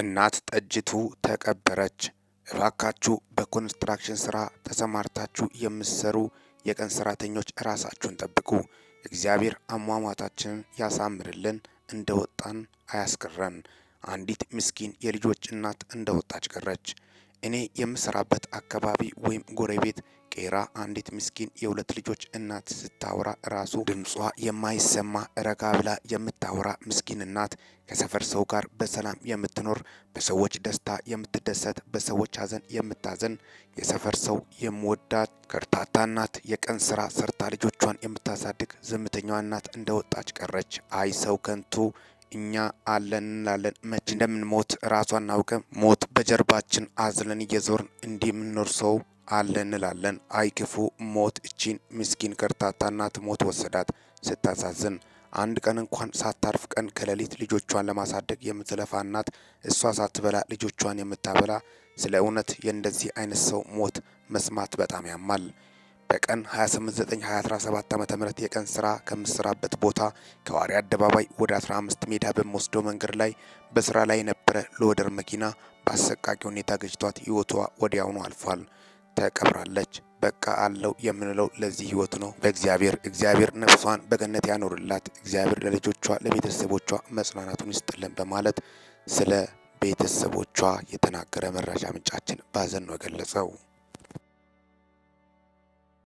እናት ጠጅቱ ተቀበረች። እባካችሁ በኮንስትራክሽን ስራ ተሰማርታችሁ የምትሰሩ የቀን ሰራተኞች ራሳችሁን ጠብቁ። እግዚአብሔር አሟሟታችንን ያሳምርልን፣ እንደ ወጣን አያስቀረን። አንዲት ምስኪን የልጆች እናት እንደ ወጣች ቀረች። እኔ የምሰራበት አካባቢ ወይም ጎረቤት ቄራ አንዲት ምስኪን የሁለት ልጆች እናት ስታወራ ራሱ ድምጿ የማይሰማ ረጋ ብላ የምታወራ ምስኪን እናት ከሰፈር ሰው ጋር በሰላም የምትኖር በሰዎች ደስታ የምትደሰት በሰዎች ሀዘን የምታዘን የሰፈር ሰው የምወዳት ከርታታ እናት የቀን ስራ ሰርታ ልጆቿን የምታሳድግ ዝምተኛዋ እናት እንደወጣች ቀረች። አይ ሰው ከንቱ እኛ አለን እንላለን። መቼ እንደምንሞት ራሷ አናውቅም። ሞት በጀርባችን አዝለን እየዞርን እንዲህ የምንኖር ሰው አለን እንላለን። አይ ክፉ ሞት እቺን ምስኪን ከርታታ እናት ሞት ወሰዳት። ስታሳዝን አንድ ቀን እንኳን ሳታርፍ ቀን ከሌሊት ልጆቿን ለማሳደግ የምትለፋ እናት እሷ ሳትበላ ልጆቿን የምታበላ። ስለ እውነት የእንደዚህ አይነት ሰው ሞት መስማት በጣም ያማል። በቀን 2892017 ዓ ም የቀን ስራ ከምሰራበት ቦታ ከዋሪ አደባባይ ወደ 15 ሜዳ በምወስደው መንገድ ላይ በስራ ላይ የነበረ ሎደር መኪና በአሰቃቂ ሁኔታ ገጭቷት ህይወቷ ወዲያውኑ አልፏል። ተቀብራለች። በቃ አለው የምንለው ለዚህ ህይወት ነው። በእግዚአብሔር እግዚአብሔር ነፍሷን በገነት ያኖርላት፣ እግዚአብሔር ለልጆቿ ለቤተሰቦቿ መጽናናቱን ይስጥልን በማለት ስለ ቤተሰቦቿ የተናገረ መረጃ ምንጫችን ባዘን ነው የገለጸው።